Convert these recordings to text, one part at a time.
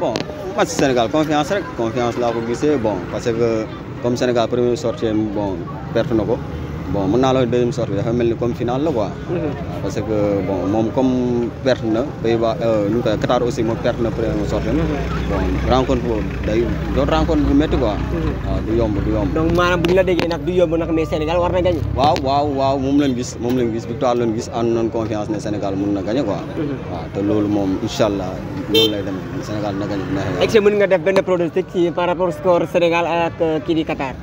bon match Sénégal confiance rek confiance laa ko gisee bon parce que comme Sénégal première sortie bon perte na ko bon mun naa la deuxième sortie bi dafa mel ni comme finale la quoi. Mhm. parce que bon moom comme perte na Pays-Bas euh, nu mu koy Qatar aussi moom perte na première sortie mhm. bon rencontre boobu day doon rencontre bu métti quoi. Mhm. waaw du yomb du yomb. donc maanaam bu ñu la déggee nag du yomb nag mais Sénégal war na gagné. waaw waaw waaw moom lañ gis moom lañ gis victoire lañ gis ànd nañ confiance ne Sénégal mun na gagné quoi. waaw loolu moom incha allah loolu lay dem Sénégal na gagné bu neexee. est-ce que mën nga def benn pronostic ci par rapport score Sénégal ak euh, kii di Qatar.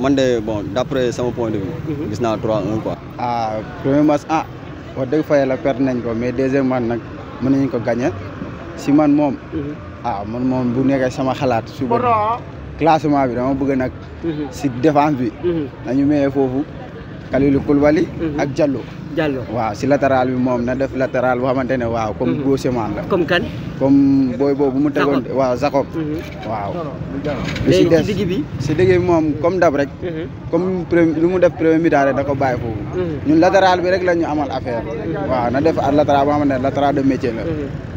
man de bon d'après sama point de vue. Mhm. gis naa 3-1 quoi. ah premier match ah wax dëgg fa yàlla perte nañ ko mais deuxième match nag mën nañ ko gagné si man moom. Mhm. ah man moom bu nekkee sama xalaat. suba classement bi dama bëgg nag. Mhm. si défense bi. nañu mayee foofu Kalilu Koulibaly. ak Diallo. Diallo waaw si latéral bi moom na def latéral boo xamante ne waaw comme mhm. gauchement la comme kan comme boy boobu mu tegoon waaw Jacob mhm. waaw lu si des digg bi si digg bi moom comme dab rek mhm. comme lu mu def premier mi-temps rek da ko bàyyi foofu ñun latéral bi rek la ñu amal affaire waaw na def ak latéral boo xamante ne latéral de métier la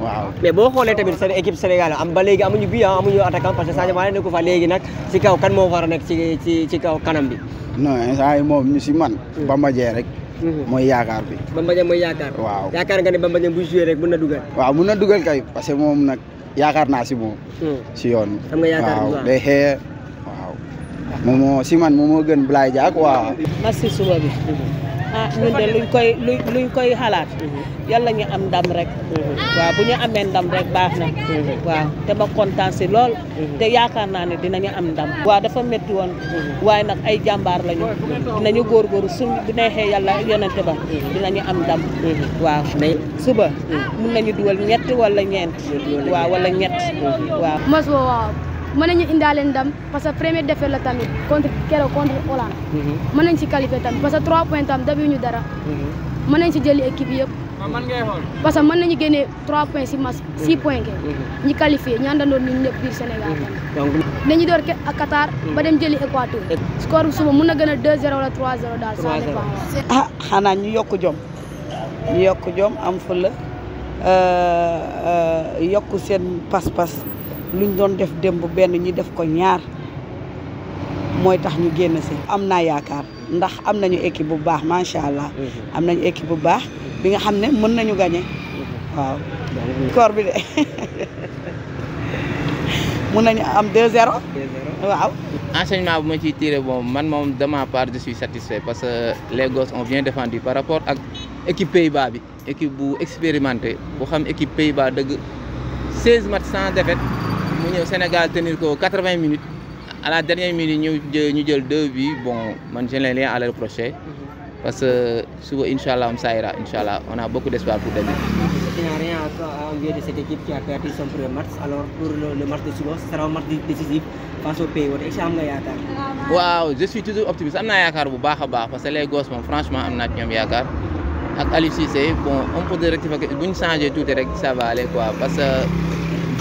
waaw mais boo xoolee tamit seen équipe Sénégal am ba léegi amuñu bi ah, amuñu attaquant parce que Sadio Mané nekku fa léegi nag si kaw kan moo war a nekk ci ci ci kaw kanam bi non instant yi ñu si man Bamba Dieng rek Mhm. mooy yaakaar bi Bamba Dieng mooy yaakaar waaw yaakaar nga ne Bamba Dieng bu joué rek mën na dugal waaw mën na dugal kay parce que moom nag yaakaar naa si moom hmm. si yoon xam nga yaakaar waaw day xee waaw moom si man moom moo gën Blaye Dia quoi ah ñun de luñ koy luñ koy xalaat mhm. yàlla ñu am ndam rek mhm. waaw bu ñu amee ndam rek baax na mhm. waaw te ma kontaan si lool te yaakaar naa ne dinañu am ndam waaw dafa métti woon waaye nag ay jàmbaar lañu góor góor suñ bu neexee yàlla yonente ba dinañu am ndam waaw suba mun nañu dugal ñett wala ñeent waaw wala ñett waaw mën nañu indaale ndam parce que premier defee la tamit contre keroog contre Hollande. Mhm. mën nañ si qualifier tamit parce que 3 points tam dabi ñu dara. Mhm. mën nañ si jëli équipe yëpp. man ngay xool parce que mën nañu génne 3 points si match mhm. 6 points ke ñi qualifié ñi àndandoon ñun ñëpp biir Sénégal tamit. dañu door ke ak Qatar ba dem jëli Équateur. score bu mun na gën a 2-0 wala 3-0 daal. 3-0 ah xanaa ñu yokk jom. ñu yokk jom am fula euh, euh, yokk seen pas-pas. luñ doon def démb ñi def ko ñaar tax ñu ndax équipe bu baax macha mhm. équipe bu baax bi nga nañu mhm. waaw mhm. koor bi am 2-0 enseignement bu de ma part je suis satisfait parce que les gosses ont bien défendu par rapport ak équipe Pays-Bas bi équipe bu expérimenté bu pays 16 matchs sans défaite mu ñëw Sénégal tenir ko 80 minutes à la dernière minute ñu ñu jël deux buts bon man je n'ai rien à le reprocher parce que sous Inshallah on ça Inshallah on a beaucoup d'espoir pour demain. tu n'as rien à envier de cette équipe qui a perdu son premier match alors pour le, le match de suba ce sera un match décisif face au pays wala am nga yaakaar. waaw je suis toujours optimiste am naa bu baax a parce que les gosses moom franchement am naa ci ñoom yaakaar. ak Aliou Cissé bon on peut rectifier bu ñu changé tuuti rek ça va aller quoi parce que.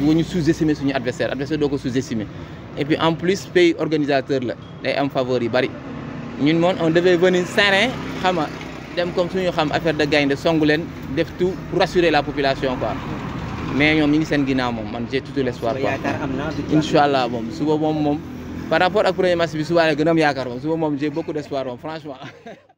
boo nous sous-estimer suñu adversaire adversaire doo ko sous-estimer et puis en plus pays organisateur là day am faveur yu bari ñun on devait venir serein comme nga dem comme suñu xam affaire de gaynde songu leen def tout pour rassurer la population quoi mais ñoom ñi ngi seen ginnaaw man j'ai tout l'espoir quoi incha allah suba par rapport ak premier match bi suba la gën a am suba j'ai beaucoup d'espoir franchement